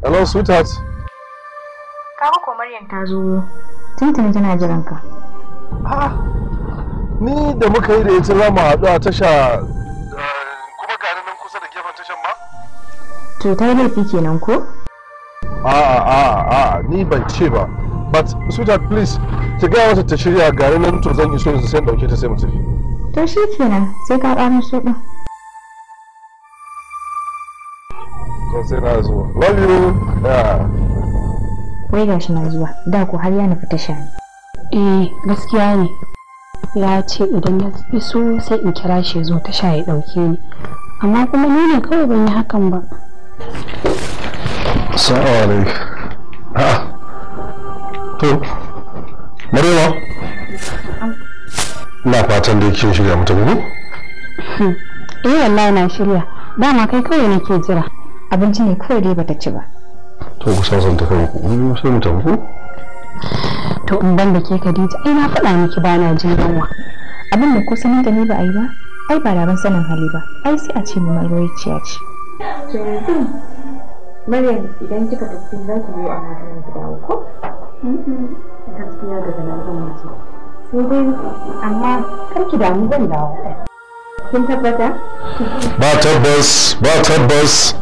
Hello, sweetheart. Kaga ko Maryam ta zo tuntuni tana jiran ka. Ah, ni da muka yi da ita za mu haɗu a tasha ah, kuma ga nan kusa da gefen tashan ma? To ta laifi kenan ko? A'a a'a a'a ni ban ce ba. But sweetheart please ki gaya wata ta shirya gari nan to zan iso yanzu sai ɗauke ta sai mu tafi. To shi kenan sai ka ƙarar su ɗin. to sai na zuwa love you wai gashi na zuwa da ko har ya nufi tasha ne eh gaskiya ne ya ce idan ya iso sai in kira shi zo tasha ya ɗauke ni amma kuma ni ne kawai ban yi hakan ba assalamu alaikum to marewa na fatan da kin shirya mutum hmm. ne eh wallahi na shirya dama kai kawai nake jira abinci ne kawai dai bata ci ba to ku kai ku in sai mu tafi to in ban da ke Khadija ai na faɗa miki ba na jin yunwa abin da ko sanin da ni ba ai ba ai ba raban sanin hali ba ai sai a ce mu marwaiciya ce to yanzu Maryam idan kika tafi za ki biyo a matan ki dawo ko gaskiya daga nan zan mace sai dai amma kar ki damu zan dawo kin tabbata ba tabbas ba tabbas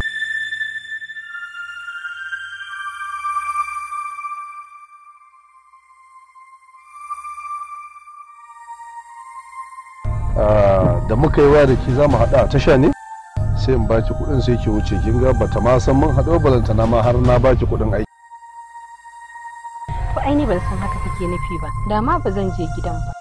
da muka yi waya da ki za mu haɗa a tasha ne sai in baki kuɗin sai ki wuce kin ga bata ma san mun haɗo balanta na ma har na baki kuɗin aiki ko aini ban san haka kake nufi ba da ma ba zan je gidan ba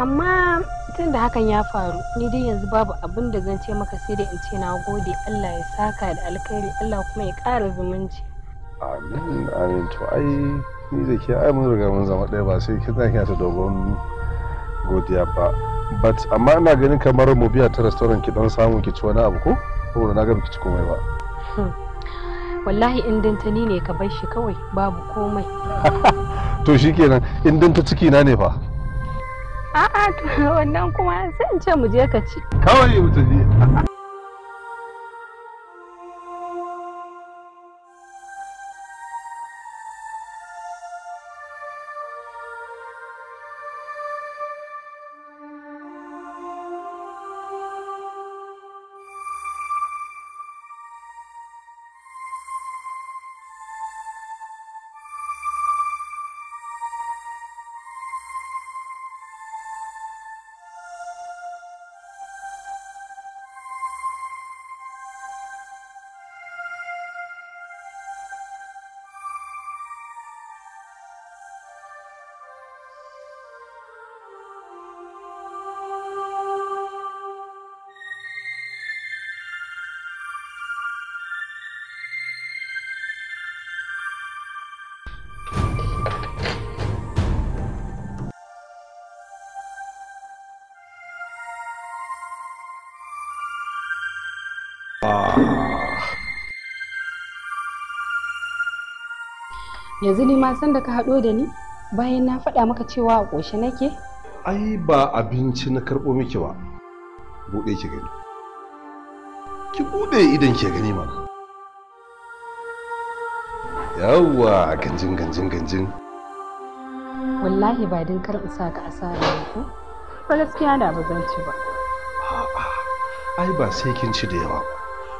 amma tun da hakan ya faru ni dai yanzu babu abin da zan ce maka sai da in ce na gode Allah ya saka da alkhairi Allah kuma ya kara zumunci amin amin to ai ni da ke ai mun riga mun zama ɗaya ba sai kin zaki ta dogon godiya ba but amma ina ganin kamar mu biya ta restaurant ki dan samu ki ci wani abu ko saboda na ga biki ci komai ba hmm. wallahi in dantani ne ka bar shi kawai babu komai to shikenan in ta ciki na ne fa a'a to wannan kuma sai in ce mu je ka ci kawai mu tafi yanzu ni ma san da ka haɗo da ni bayan na faɗa maka cewa a ƙoshe nake ai ba abinci na karɓo miki ba buɗe ki gani ki buɗe idan ki gani ma yawwa ganjin ganjin ganjin wallahi ba din kar sa ka asara ne ko ba gaskiya da ba zan ci ba ai ba sai kin ci da yawa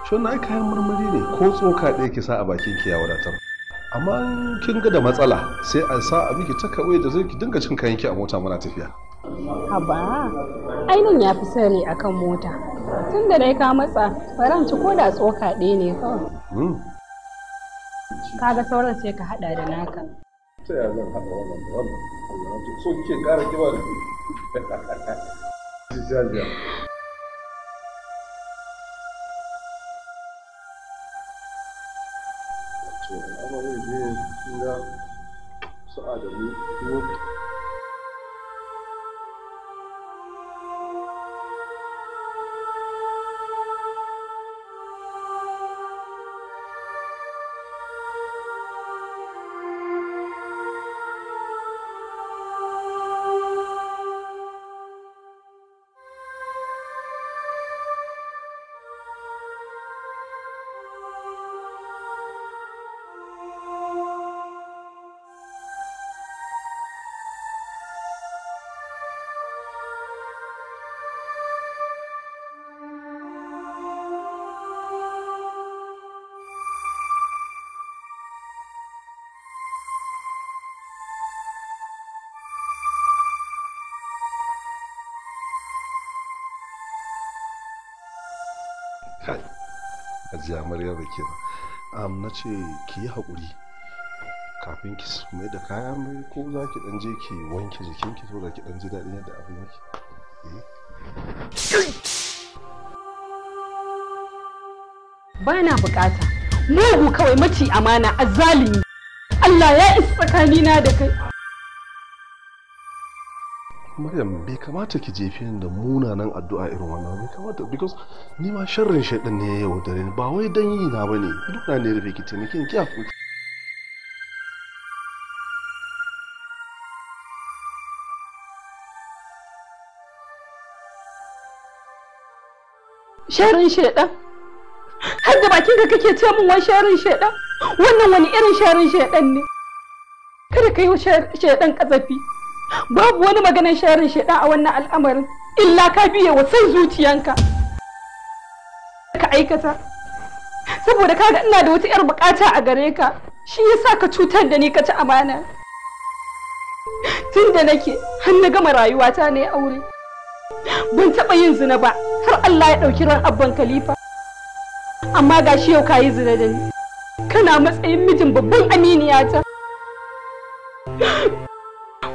Shin na wannan kayan marmari ne ko tsoka ɗaya ki sa a bakin ki ya wadatar amma kin ga da matsala sai a sa a miki ta kawai da zai ki dinga cin kayan ki a mota muna tafiya haba ainihin ya fi sani kan mota tun da dai ka matsa faranci ko da tsoka ɗaya ne kawai hmm. kaga sauran sai ka hada da naka ta yaya kai a maryam ke am na ce ki yi haƙuri kafin ki mai da kaya mai ko za ki dan je ki wanke jikin ki so da ki dan ji daɗin yadda abin yake eh? ba na bukata mugu kawai maci amana azzalimi Allah ya isa tsakanina da kai Maryam bai kamata ki jefe ni da munanan addu'a irin wannan bai kamata because ni ma sharrin shaidan ne yau dare ba wai dan yi na bane duk na ne rufe ki taimake ni ki afu sharrin shaidan har da bakin ka kake ce min wai sharrin shaidan wannan wani irin sharrin shaidan ne kada ka yi wa shaidan kazafi babu wani maganar sharin shaɗa a wannan al'amarin illa ka biye wa san zuciyanka ka aikata saboda kaga ina da wata 'yar bukata a gare ka shi yasa ka cutar da ni ka ci amana tun da nake har na gama rayuwata ne aure ban taɓa yin zina ba har Allah ya ɗauki ran abban khalifa amma ga shi yau ka yi zina da ni kana matsayin mijin babban aminiyata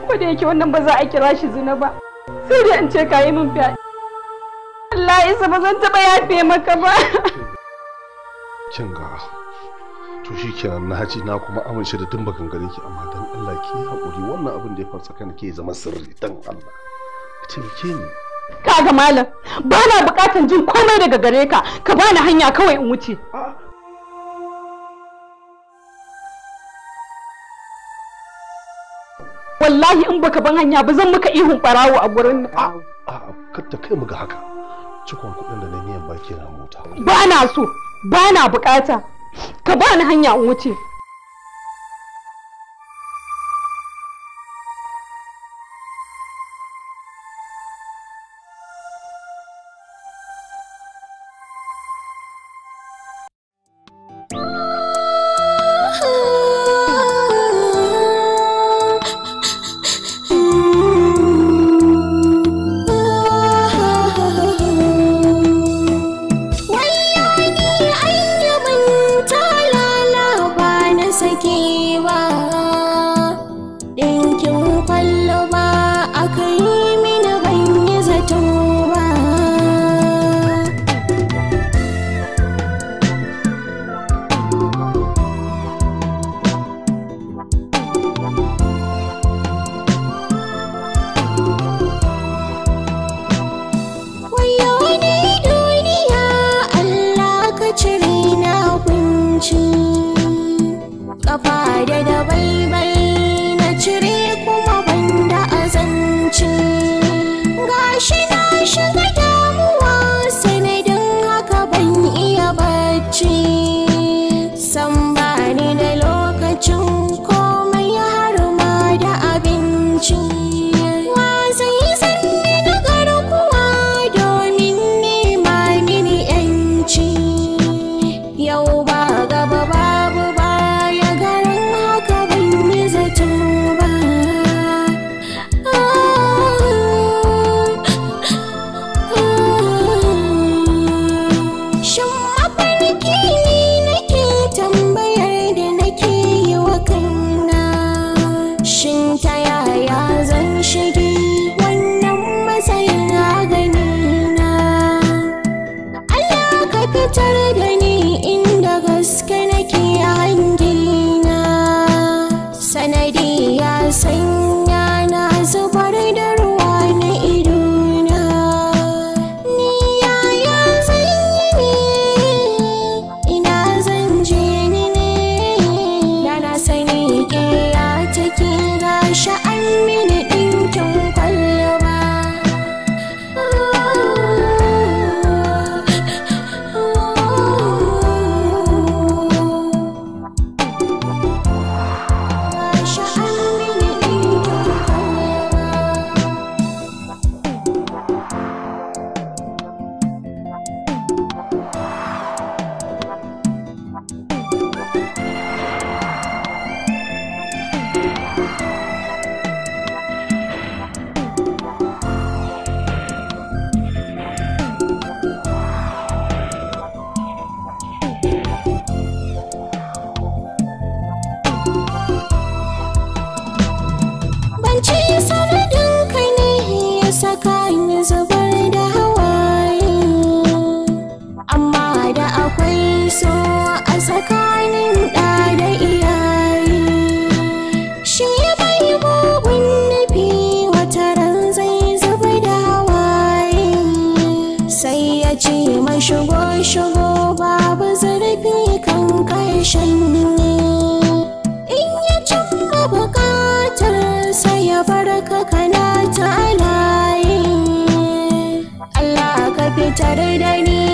ko da yake wannan ba za a kira shi zina ba sai dai an ce ka yi min fyaɗe Allah isa ba zan taɓa yafe maka ba kin ga to shi kenan na haji na kuma amince da dun bakan gare ki amma dan Allah ki haƙuri wannan abin da ya faru tsakanin ke zama sirri dan Allah ki taimake ni kaga malam ba na bukatan jin komai daga gare ka ka bani hanya kawai in wuce a'a wallahi in baka ban hanya ba zan maka ihun barawo a gurin nan a a kar ta kai mu ga haka cikon kuɗin da na niyan baki na mota ba na so ba na bukata ka ba ni hanya in wuce da akwai so a tsakanin ɗa da iyaye shi bai mugun nufi wata ran zai zubi da hawaye sai ya ce mai shigo shigo babu zurfi kan ƙarshen in ya cimma buƙatar sai ya barka kana ta alaye Allah ka fitar da ni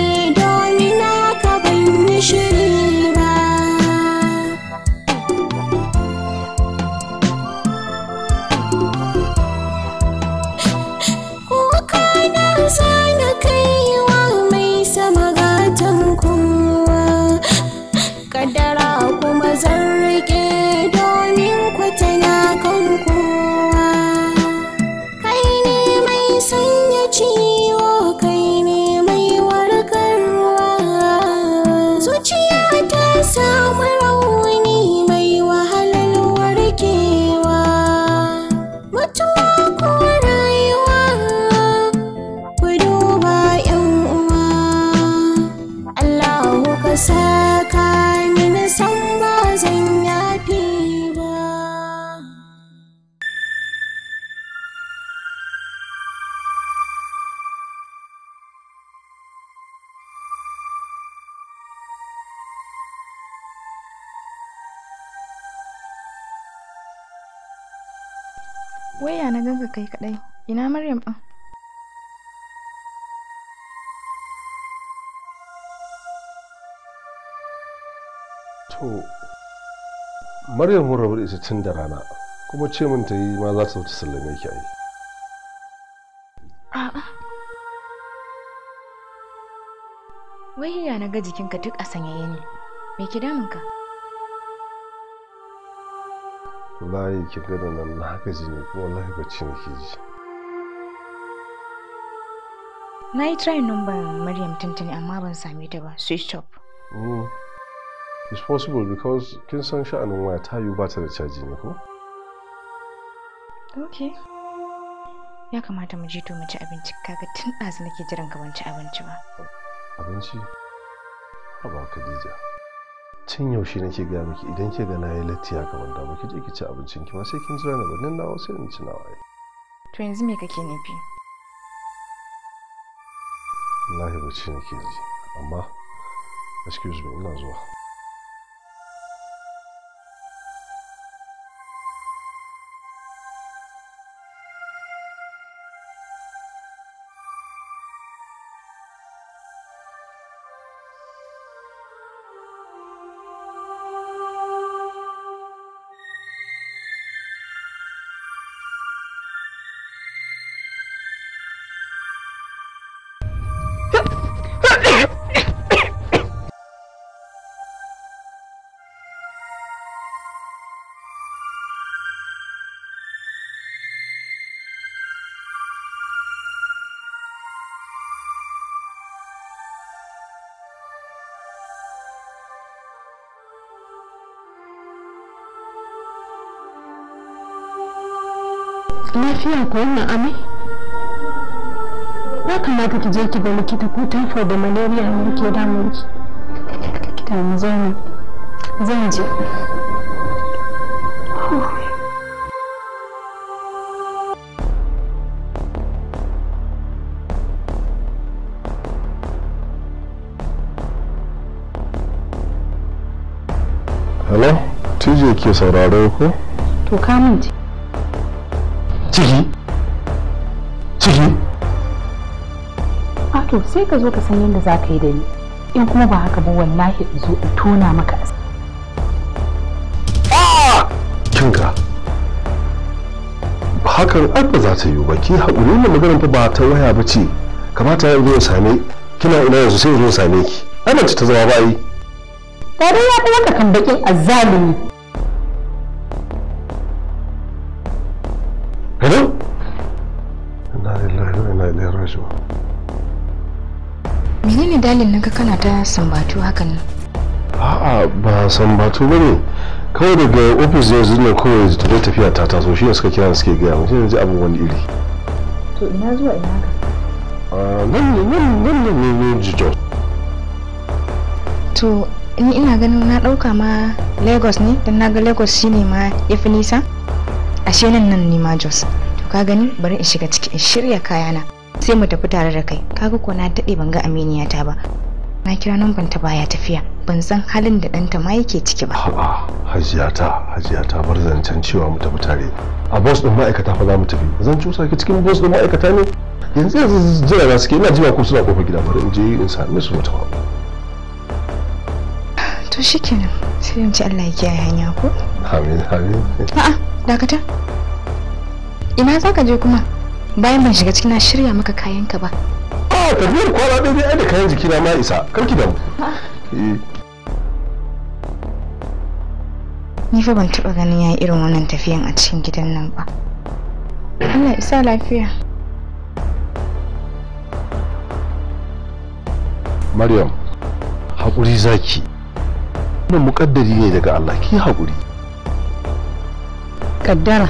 Ina Maryam ɗin? To, Maryam mun rabu da ita tun da rana, kuma ce min ta yi ma za ta wuce sallame ki ai. A'a. Wai na ga jikinka duk a sanyaye ne, me damun damunka? Wallahi kin ga nan na haka ji ne kuma wallahi bacci ji. na yi try number maryam tuntuni amma ban same ta ba switch off oh, it's possible because kin san sha'anin waya ta yiwu ba ta da caji ne ko okay ya kamata mu je to mu ci abinci kaga tun ɗazu nake jiran ka ban ci abinci ba abinci haba khadija tun yaushe nake gaya miki idan ke ga na yi latti ya kamar da ba ki je ki ci abincin ki ma sai kin jira na ba nan na sai in ci nawa to yanzu me kake nufi wallahi bacci nake ji amma excuse me ina zuwa lafiya ko wannan amai ya kamata ki je ki ga likita ko typhoid da malaria ne ke damun ki ki damu zan je Hello, TJ ke sauraro ko? To kamun to sai ka zo ka san yadda za ka yi da ni in kuma ba haka ba wallahi in zo in tona maka ah! kinka hakan ai ba za ta yiwu ba ki haƙuri ne maganar ba ta waya ba ce kamata ya zo ya same kina ina yanzu sai ya zo ya same ki ai ta zama ba yi tare ya ɗaya ka kan bakin azzalumi kana ta sambatu hakan a'a ba sambatu ba ne kawai daga ofis yanzu zuwa kawai tafiya tafiya ta taso shi ne suka kira suke gaya mutum yanzu abin wani iri to ina zuwa ina ka nan ne nan nan ne ne ne jijo to ni ina ganin na ɗauka ma lagos ne don na ga lagos shine ma ya fi nisa ashe nan nan ne ma jos to ka gani bari in shiga ciki in shirya kayana sai mu tafi tare da kai kaga ko na daɗe ban ga aminiya ta ba na kira namban ta baya tafiya ban san halin da ɗanta ma yake ciki ba a'a hajiyata hajiyata bar zancen cewa mu tafi tare a bos din ma'aikata fa za mu tafi zan cusa ki cikin bos din ma'aikata ne yanzu yanzu jira na suke ina jiwa ko suna kofar gida bari in je in same su wata to shikenan sai in ci Allah ya kiyaye hanya ko amin amin a'a dakata ina zaka je kuma bayan ban shiga cikin na shirya maka kayanka ba a tafiyar kwana ɗaya dai da kayan jikina ma isa karki mu. Eh. ni fa ban taɓa ganin ya irin wannan tafiyan a cikin gidan nan ba Allah isa lafiya Maryam haƙuri zaki wannan muƙaddari ne daga Allah ki haƙuri kaddara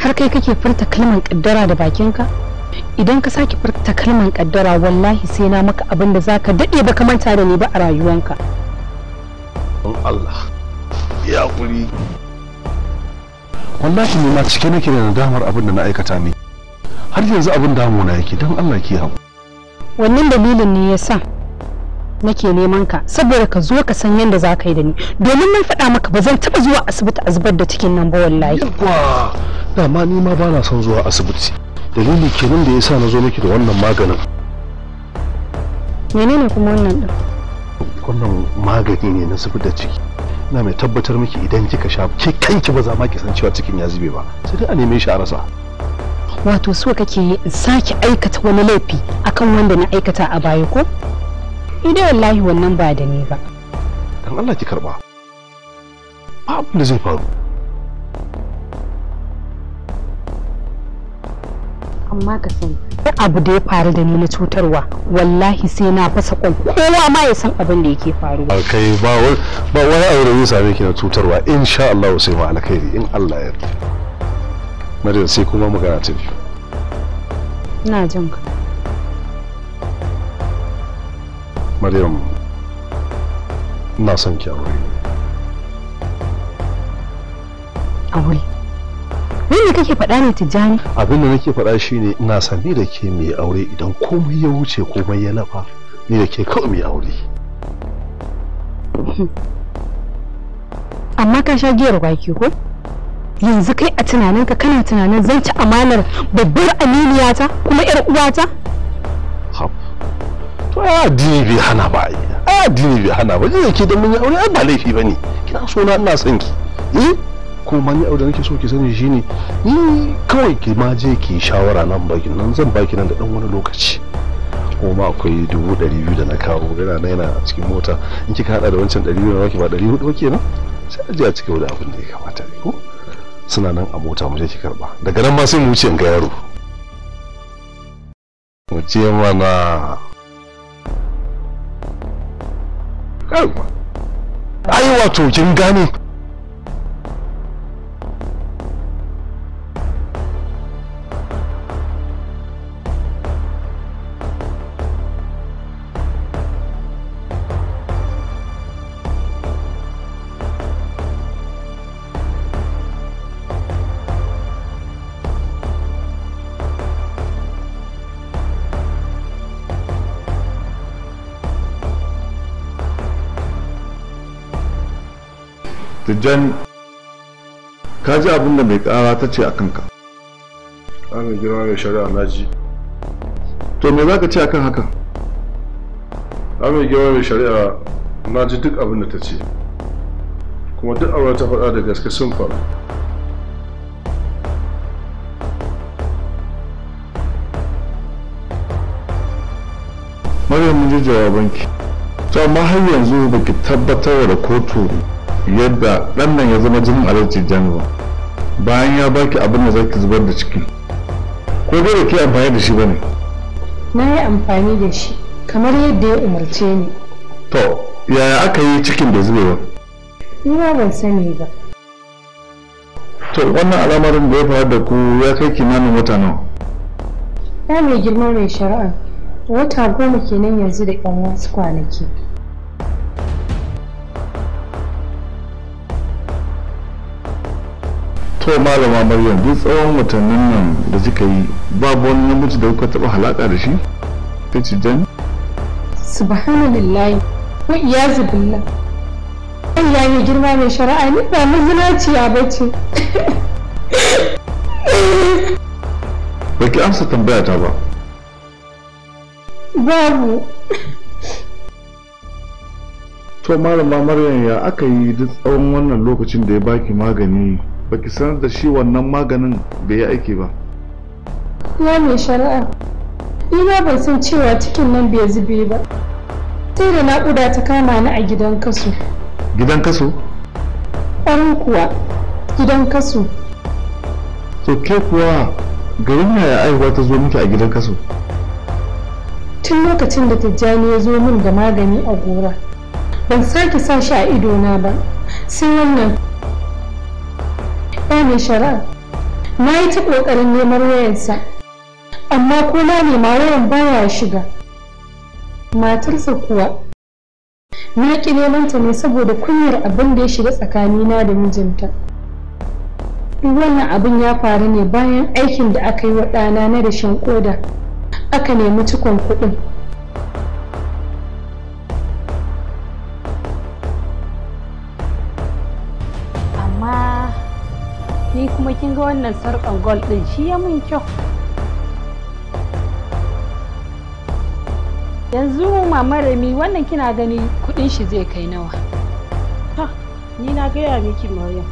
har kai kake furta kalmar kaddara da bakinka idan ka sake furta kalman kaddara wallahi sai na maka abin da zaka dade ba manta da ni ba a rayuwanka don Allah ya kuri wallahi ne ma cike nake da nadamar abin da na aikata ne har yanzu abin damuna yake don Allah ke hawo wannan dalilin ne yasa nake neman ka saboda ka zo ka san yadda za ka yi da ni domin mun faɗa maka ba zan taɓa zuwa asibiti a zubar da cikin nan ba wallahi yawwa dama ni ma ba na son zuwa asibiti dalili kenan da yasa na zo miki da wannan maganin menene kuma wannan din wannan magani ne na zubar da ciki ina mai tabbatar miki idan kika sha ke kanki ba za ma ki san cewa cikin ya zube ba sai dai a neme shi a rasa wato so kake yi in sake aikata wani laifi akan wanda na aikata a baya ko idan wallahi wannan ba da ni ba dan Allah ki karba ba abin da zai faru amma ka san duk abu da ya faru da ni na cutarwa wallahi sai na fasa kwan kowa ma ya san abin da yake faruwa alkai ba ba wani aure ya same ki na cutarwa insha Allah sai mu alkhairi in Allah ya yarda Maryam sai kuma mu ta tafi. ina jin ka Maryam ina son ki aure aure me kake faɗa ne tijjani abin da nake faɗa shine ina son ni da ke mai aure idan komai ya wuce komai ya lafa ni da ke kawai mai aure amma ka sha giyar baki ko yanzu kai a tunaninka kana tunanin zan ci amanar babbar aminiyata kuma yar uwata to ai addini bai hana ba ai addini bai hana ba da ke da mun yi aure ba laifi bane kina so na ina son ki eh ko mani ni abu da nake so ki sani shine ni kawai ki ma je ki shawara nan bakin nan zan baki nan da dan wani lokaci kuma akwai dubu ɗari biyu da na kawo yana na yana a cikin mota in kika hada da wancan ɗari biyu na baki ba ɗari hudu ke nan sai a je a cika wani abin da ya kamata ne ko suna nan a mota mu je ki karba daga nan ma sai mu wuce in ga yaro mu ce mana kai ai wato kin gane tijjani ka ji abin da mai ƙara ta ce a kanka an girma mai shari'a na ji to me za ka ce akan haka an girma mai shari'a na ji duk abin da ta ce kuma duk abin da ta faɗa da gaske sun faru Maryam mun ji jawabanki to amma har yanzu ki tabbatar da kotu yadda ɗannan ya zama jinin alaji januwa bayan ya baki abin da zaki zubar da ciki ko dai ke amfani da shi ba ne na yi amfani da shi kamar yadda ya umarce ni to yaya aka yi cikin da zubewa ni ma ban sani ba to wannan al'amarin da ya faru da ku ya kai kimanin wata nawa ya mai girma mai shari'a wata goma kenan yanzu da yan wasu kwanaki to malama maryam duk tsawon watannin nan da suka yi babu wani namiji da kuka taba halaka da shi ta ce jan subhanallahi wa iyazu billah Allah mai girma mai shari'a ni ba mazinaciya ba ce ba ki amsa tambaya ta ba babu to malama maryam ya aka yi duk tsawon wannan lokacin da ya baki magani baki sanar da shi wannan maganin bai yi aiki ba ya mai shari'a ni ma ban san cewa cikin nan bai zube ba sai da naƙuda ta kama ni a gidan kasu. gidan kasu? ƙwarin kuwa gidan kasu. to ke kuwa garin yaya aihuwa ta zo miki a gidan kasu. tun lokacin da tijjani ya zo min da magani a gora ban sake sa shi a idona ba sai wannan ba mai shara na yi ta ƙoƙarin neman wayansa. amma ko na nema wayan baya shiga matarsa kuwa na ƙi neman ta ne saboda kunyar abin da ya shiga tsakanina da mijinta duk wannan abin ya faru ne bayan aikin da aka yi wa ɗana na rashin ƙoda aka nemi cikon kuɗin ga wannan sarkan gold din shi ya mun kyau yanzu mama rami wannan kina gani kudin shi zai kai nawa ha ni na gaya miki maryam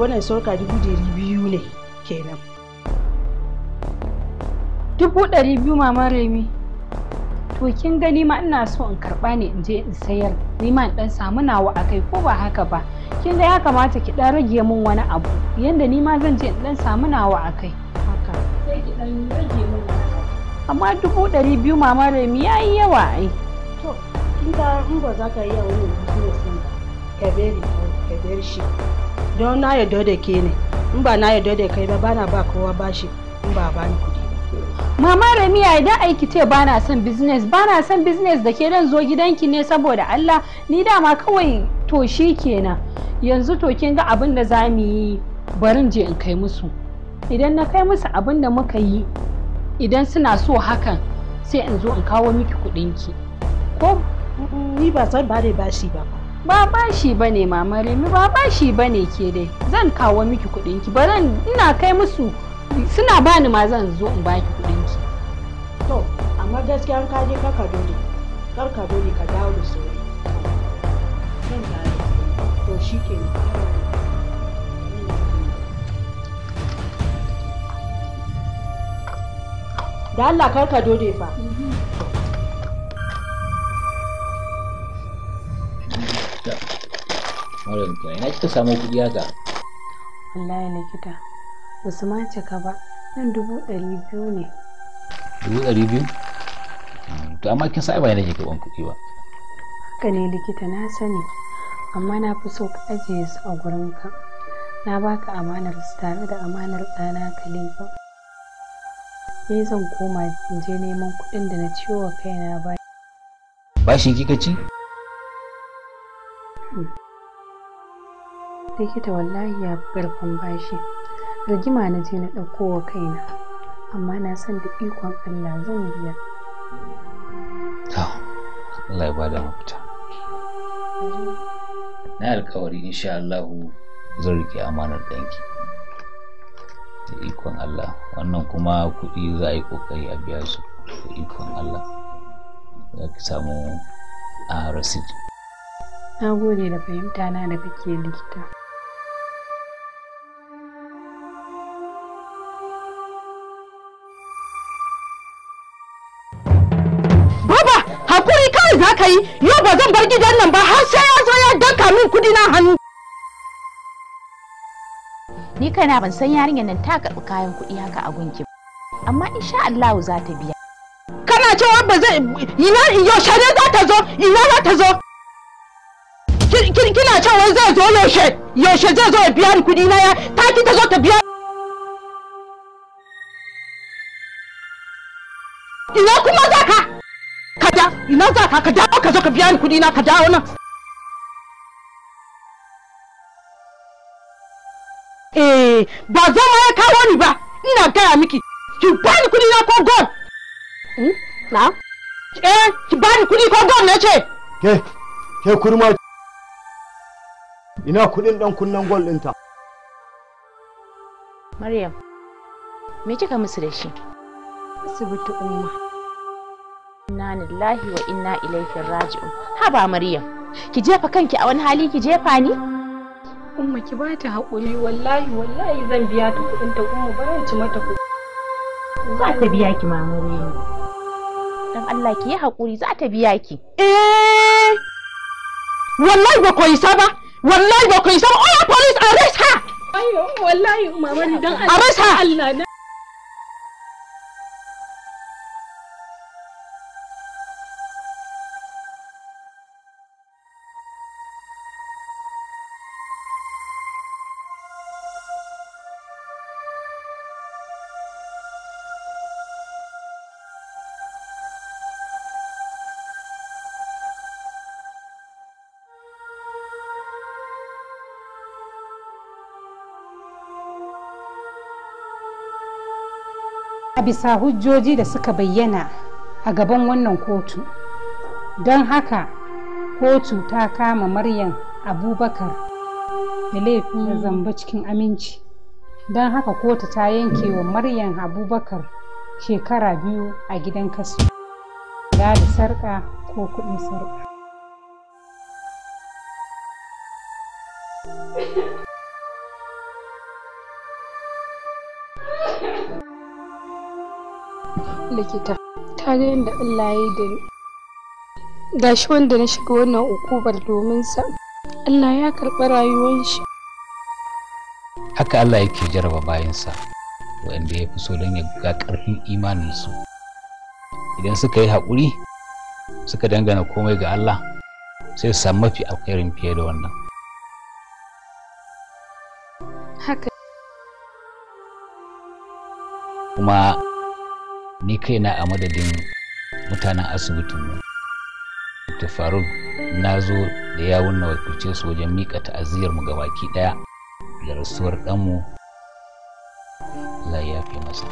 wannan sarka dubu ɗari biyu ne kenan dubu ɗari biyu mama rami to kin ga ma ina so in karba ne in je in sayar nima in dan samu nawa akai ko ba haka ba kin ga ya kamata ki dan rage min wani abu yanda ma zan je in dan samu nawa akai haka sai ki dan rage min amma dubu ɗari biyu mama Remi ya yi yawa ai to kin ga in ba za ka iya wani business ɗin ka bari ka bar shi don na yarda da ke ne in ba na yarda da kai ba na ba kowa bashi in ba bani kuɗi Mama Ramiya idan aiki ce ba na son business ba na son business da ke dan zo gidanki ne saboda Allah ni dama kawai to shi kenan yanzu to kin ga abin da za mu yi barin je in kai musu idan na kai musu abin da muka yi idan suna so hakan sai in zo in kawo miki ki, ko ni ba san ba dai bashi ba ba bashi ba ne mama Remi ba bashi ba ne ke dai zan kawo miki ki, barin ina kai musu suna bani ma zan zo in baki kuɗin ki to amma gaskiya ka je ka ne kar ka dole ka dawo da sauri zan dawo to shikenan da Allah kar ka dode fa Maryam ina kika samu kuɗi haka? Wallahi likita. ba su ma cika ba nan dubu ɗari biyu ne dubu ɗari biyu to amma kin sa ba yana ke karɓan kuɗi ba haka ne likita na sani amma na fi so ka ajiye su a ka, na baka amanar su tare da amanar ɗana kalifa ne zan koma in je neman kuɗin da na ciwo wa kaina ba bashin kika ci hmm. likita wallahi ya fi ƙarfin bashi rigima na je na ɗauko wa kaina amma na san da ikon Allah zan biya Allah ya bada mafita na alkawari insha Allah zan rike amanar ɗanki da ikon Allah wannan kuma kuɗi za a yi ƙoƙari a biya su da ikon Allah za ki samu a ah, rasid na gode da fahimta na da kake likita aka yi yau ba zan bar gidan nan ba har sai ya zo ya danka min kudi na hannu ni kana ban san yarinyar nan ta karɓi kayan kuɗi haka a gunki ba. amma insha Allah za ta biya kana cewa ba zai ina yaushe ne za ta zo ina za ta zo kina cewa zai zo yaushe yaushe zai zo ya biya ni kuɗi na ya ta ki ta zo ta biya ina kuma za ka da ina za ka ka dawo ka zo ka biya ni kudi na ka dawo nan eh ba zama ya kawo ni ba ina gaya miki ki ba ni kudi na ko gold hmm, na eh ki ba ni kudi ko gold na ce ke ke kurma ina kuɗin ɗan kunnen gold ɗinta Maryam, me kika musu da shi? Asibiti umma. inna lillahi wa inna ilaihi raji'un haba maryam ki jefa kanki a wani hali ki jefa ni umma ki bata hakuri wallahi wallahi zan biya ta kuɗin ta umma ba ci mata kuɗi za ta biya ki ma maryam dan Allah ki yi hakuri za ta biya ki eh wallahi ba koyi isa ba wallahi ba koyi isa ba oh police arrest her ayo wallahi mama dan Allah arrest her Allah a bisa hujjoji da suka bayyana a gaban wannan kotu don haka kotu ta kama maryam abubakar da laifin zamba cikin aminci don haka kotu ta yanke wa maryam abubakar shekara biyu a gidan kasu da sarƙa ko kuɗin sarƙa. tsallake ta ga yadda Allah ya yi da ni gashi wanda na shiga wannan ukubar domin sa Allah ya karɓi rayuwar shi haka Allah yake jaraba bayansa wanda ya fi so don ya ga ƙarfin imaninsu idan suka yi haƙuri suka dangana komai ga Allah sai su samu mafi alkhairin fiye da wannan haka kuma ni kaina a madadin mutanen asibitin mu dr faruk na zo da yawun na wakilce su wajen miƙa ta'aziyarmu mu gabaki ɗaya da rasuwar ɗanmu Allah ya fi masa.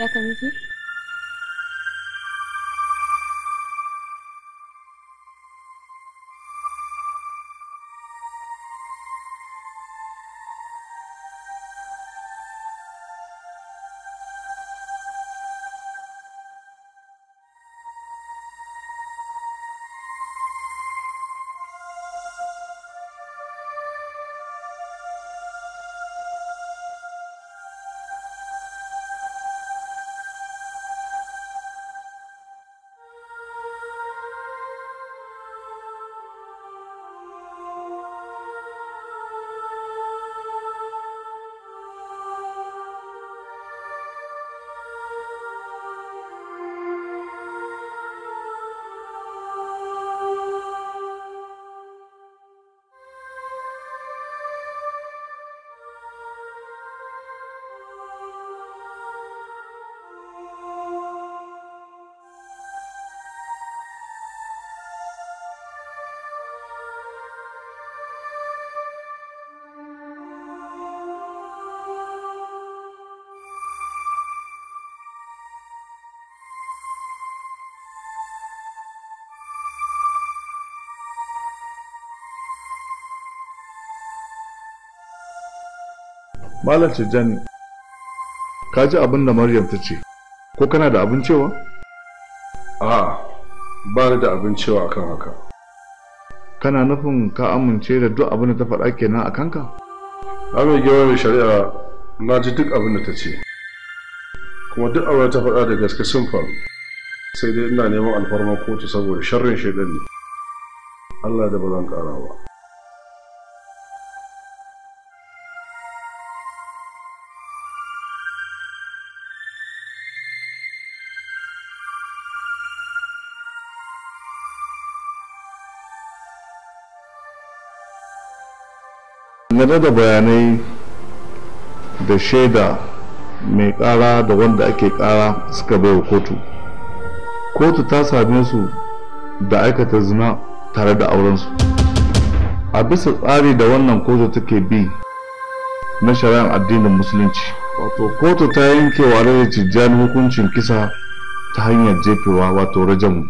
क्या कमी Malam Tijjani, ka ji abin da Maryam ta ce, ko kana da abin cewa? A, ba da abin cewa akan haka. Kana nufin ka amince da duk abin da ta faɗa kenan a kanka? A mai mai shari'a na ji duk abin da ta ce. Kuma duk abin da ta faɗa da gaske sun faru. Sai dai ina neman alfarmar kotu saboda sharrin shaidan ne. Allah da ba zan ƙara ba. dangane da bayanai da shaida mai kara da wanda ake kara suka bai wa kotu kotu ta same su da aikata zina tare da aurensu a bisa tsari da wannan kotu take bi na shari'ar addinin musulunci wato kotu ta yanke wa da tijjani hukuncin kisa ta hanyar jefewa wato rajamu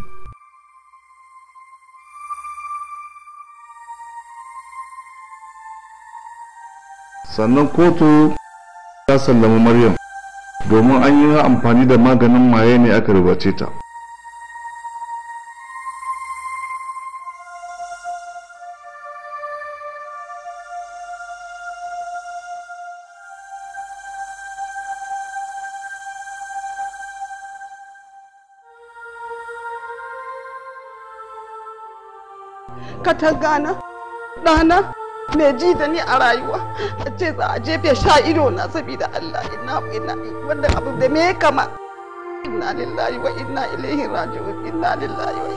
sannan kotu ta sallama maryam domin an yi amfani da maganin maye ne aka ribace ta katangana ɗana me ji da ni a rayuwa a ce za a jefe sha ido na saboda Allah ina ina wanda abu da me kama inna lillahi wa inna ilaihi raji'un inna lillahi wa